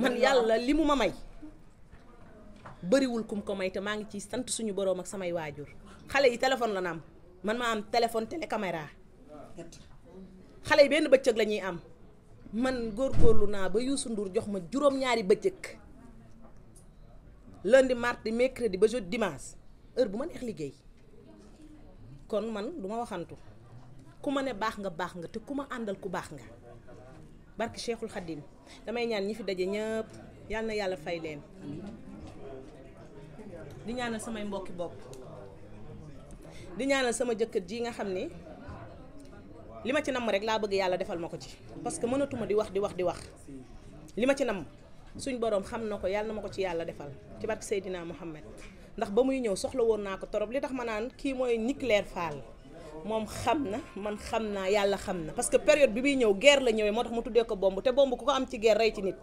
man yàlla li mu ma may bariwul kum ko may te maa ngi ciy sant suñu boroom ak samay waajur xale yi téléphone la na am man ma am téléphone télé caméra xale yi benn bëccëg la ñuy am man góor góorgóorlu naa ba Youssou Ndour jox ma juróom-ñaari bëccëg lundi mardi mercredi ba jeudi dimaas heure bu ma neex liggéey kon man duma waxantu ku ma ne baax nga baax nga te ku ma àndal ku baax nga barki Cheikhul Khadim damay ñaan ñi fi daje ñëpp yàlla na yàlla fay leen di ñaanal samay mbokki bopp di ñaanal sama jëkkër ji nga xam ni li ma ci namm rek laa bëgg yàlla defal ma ko ci parce que mënatuma di wax di wax di wax li ma ci namm suñ boroom xam na ko yàlla na ma ko ci yàlla defal ci barki Seydina Muhammad ndax ba muy ñëw soxla woon naa ko torop li tax ma naan kii mooy Niclaire Fall moom xam na man xam naa yàlla xam na parce que période bi muy ñëw guerre la ñëwee moo tax mu tuddee ko bomb te bomb ku ko am ci guerre rey ci nit.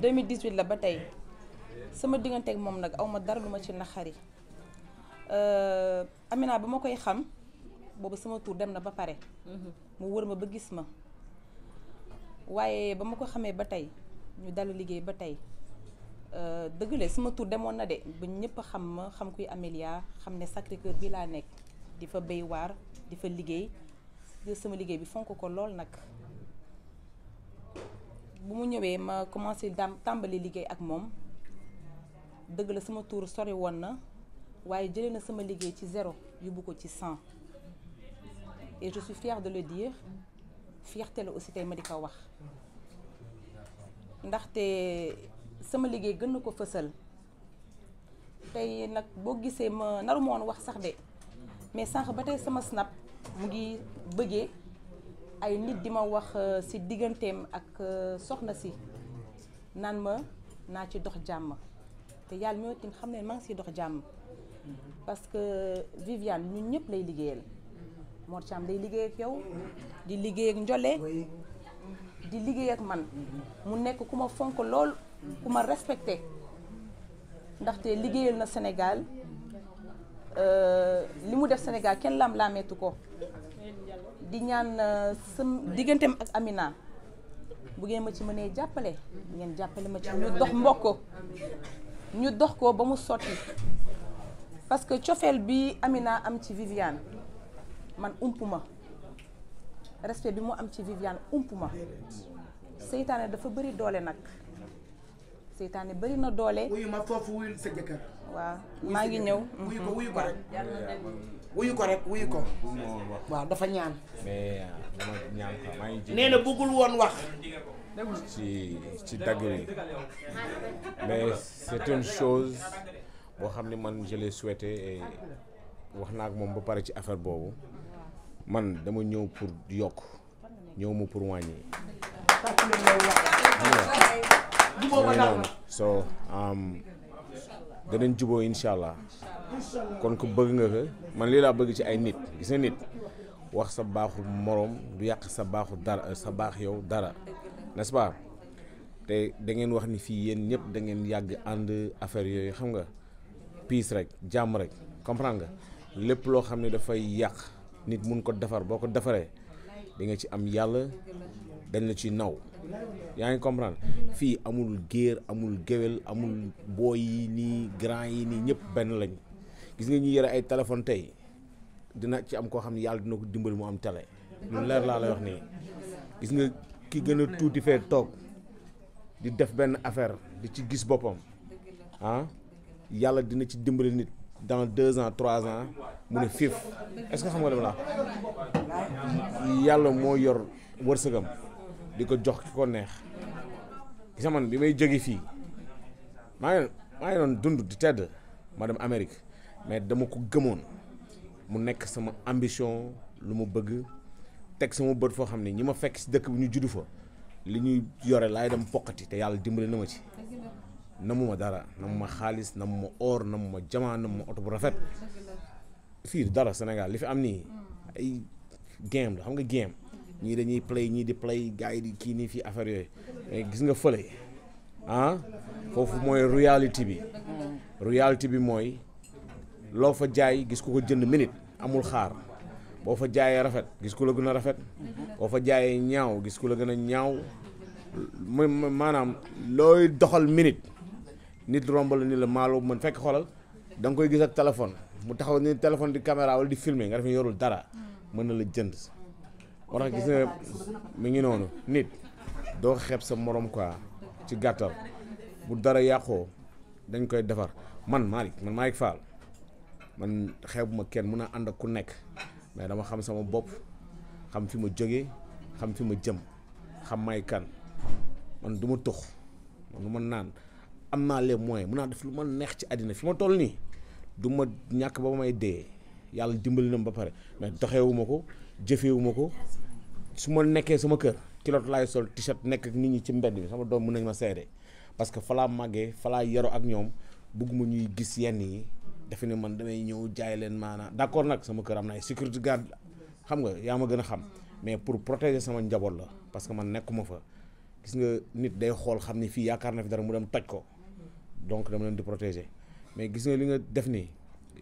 2018 la ba tey sama digganteeg moom nag aw ma dara lu ma ci naxari euh, Amina ba ma koy xam boobu sama tur dem na ba pare. mu wër ma ba gis ma waaye ba ma ko xamee ba tey ñu dalu liggéey ba tey euh, dëgg la sama tur demoon na de ba ñëpp xam ma xam kuy Amélia xam ne Sacré Cœur bi laa nekk di fa béy waar di fa liggéey sama liggéey bi fonk ko lool nag. bu mu ñëwee ma commencé dam tàmbali liggéey ak moom dëgg la sama tuur sori woon na waaye jëlee na sama liggéey ci zéro yóbbu ko ci cent et je suis fière de le dire fierté la aussi tey ma di ko wax ndaxte sama liggéey gën na ko fësal tey nag boo gisee ma naru ma wax sax de mais sànq ba tey sama snap mu ngi bëggee ay nit di ma wax ci euh, digganteem ak euh, soxna si naan ma naa ci dox jàmm te yàlla mi tamit xam ne maa ngi dox jàmm parce que Viviane ñu ñëpp lay liggéeyal Mor day liggéey yow di liggéey ak Njole di liggéey ak man mu nekk ku ma fonk lool ku ma respecté ndaxte liggéeyal na Sénégal euh, li mu def Sénégal kenn lam laameetu ko di ñaan euh, sam digganteem ak Amina bu ngeen ma ci mënee jàppale ngeen jàppale ma ci ñu dox mbokk ñu dox ko ba mu sotti parce que cofeel bi Amina am ci Viviane man ump ma respect bi mu am ci Viviane ump ma seytaane dafa bëri doole nag seytaane bëri na doole. wuyu ma foofu waaw maa ngi ñëw. wuyu ko wuyu ko rek wuyu ko. waaw dafa ñaan. mais ah, dama maa ngi. nee woon wax. ci ci dagg bi mais c'est une boo xam ne man je l'ai souhaité wax naa ak moom ba pare ci affaire boobu man dama ñëw pour yokk ñëw ma pour wàññi. so um, danañ juboo incha allah. kon ku bëgg nga ko man lii laa bëgg ci ay nit gis nit wax sa baaxu moroom du yàq sa baaxu dara sa baax yow dara nest te dangeen wax ni fii yéen ñëpp dangeen yàgg ànd affaire yooyu xam nga piis rek jàmm rek comprendre nga lépp loo xam ne dafay yàq nit mun ko defar boo ko defaree di ci am yàlla dañ la ci naw yaa ngi comprendre fii amul géer amul géwél amul booy yi nii grand yi nii ñëpp benn lañ gis nga ñuy yore ay téléphone tey dina ci am koo xam ne yàlla dina ko dimbali mu am télé lu leer laa lay wax nii gis nga ki gën a tuuti fee toog di def benn affaire di ci gis boppam ah yàlla dina ci dimbali nit dans deux ans trois ans mu ne fiif est-ce que xam nga dem la yàlla moo yor wërsëgam di ko jox ki ko neex gis man bi may jóge fii maa ngi maa dund di tedd ma dem Amérique mais dama ko gëmoon mu nekk sama ambition lu ma bëgg teg sama bët foo xam ne ñi ma fekk si dëkk bi ñu juddu fa li ñuy yore laay dem poqati te yàlla dimbale na ma ci namu dara namu ma xaalis namu ma or namu ma oto bu rafet fii dara Sénégal li fi am nii ay game la xam nga game ñii dañuy play ñii di play gars yi kii nii fii affaire yooyu gis nga fële ah foofu mooy réalité bi réalité bi mooy loo fa jaay gis ko ko jënd minit amul xaar boo fa jaayee rafet gis ku la gën a rafet boo fa jaayee ñaaw gis ku la gën a ñaaw muy maanaam looy doxal minute nit romb la ni la maaloo mën fekk xolal da koy gis ak téléphone mu taxaw ni téléphone di caméra wala di filmer nga def yorul dara mën na la jënd moo tax gis nga ngi noonu nit doo xeeb sa morom quoi ci gàttal bu dara yàqoo dañ koy defar man Malick man Malick Fall man ma kenn mun a ànd ak ku nekk mais dama xam sama bopp xam fi ma jóge xam fi ma jëm xam may kan man du ma tux man du naan am naa leen moyens mun naa def lu ma neex ci àddina fi ma toll nii du ma ñàkk ba may dee yàlla dimbali na ba pare mais doxewuma ko jëfewuma ko su ma nekkee sama kër kilot laay sol t-shirt nekk ak nit ñi ci mbedd bi sama doom mën nañ ma seede parce que falaa màggee falaa yaro ak ñoom bëgguma ñuy gis yenn yi defe ne man damay ñëw jaay leen maanaa d'accord nag sama kër am na ay sécurité garde xam nga yaa ma gën a xam mais pour protéger sama njaboot la parce que man nekkuma fa gis nga nit day xool xam ni fii yaakaar na fi dara mu dem toj ko donc dama leen di protéger mais gis nga li nga def nii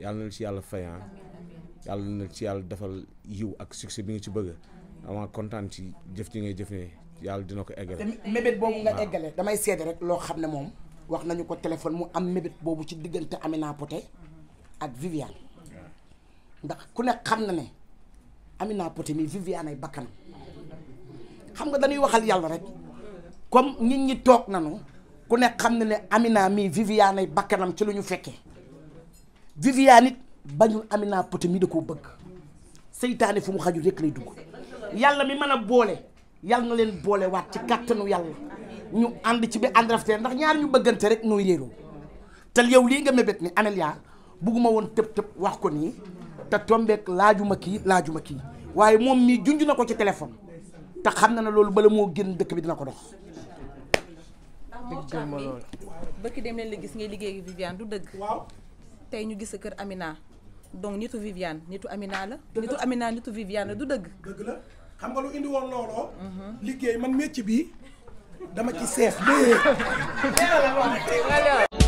yàlla na ci yàlla fayan ah. yàlla na ci yàlla defal yiw ak succès bi nga ci bëgg avant kontaan ci jëf ji ngay jëf ne yàlla dina ko eggale. te mébét boobu nga eggale. loo xam ne moom wax nañu ko téléphone mu am mébét boobu ci diggante Amina Poté ak Viviane ndax ku ne xam na ne Amina Poté mi Viviane ay bakkanam xam nga dañuy waxal yàlla rek comme nit ñi toog nañu ku nekk xam na ne Amina mii Viviane ay bakkanam ci lu ñu fekkee Viviane it bañul Amina Poté mii da koo bëgg seytaane fu mu xaju rek lay dugg yàlla mi mën a boole yàlla na leen boole waat ci kàttanu yàlla ñu ànd ci bi ànd rafetee ndax ñaar ñu bëggante rek nooy réeroo te yow lii nga mébét ni Amélia bugguma woon tëb tëb wax ko nii te tombeek laajuma kii laajuma kii waaye moom mii junj na ko ci téléphone te xam na na loolu bala moo génn dëkk bi dina ko dox. bëkk dem leen gis ngay liggéey ak Viviane du dëgg. waaw tey ñu gis kër Amina donc nitu Viviane nitu Amina la. nitu Amina nitu Viviane la du dëgg. dëgg xam nga lu indi woon looloo. Mhm. liggéey man métier bi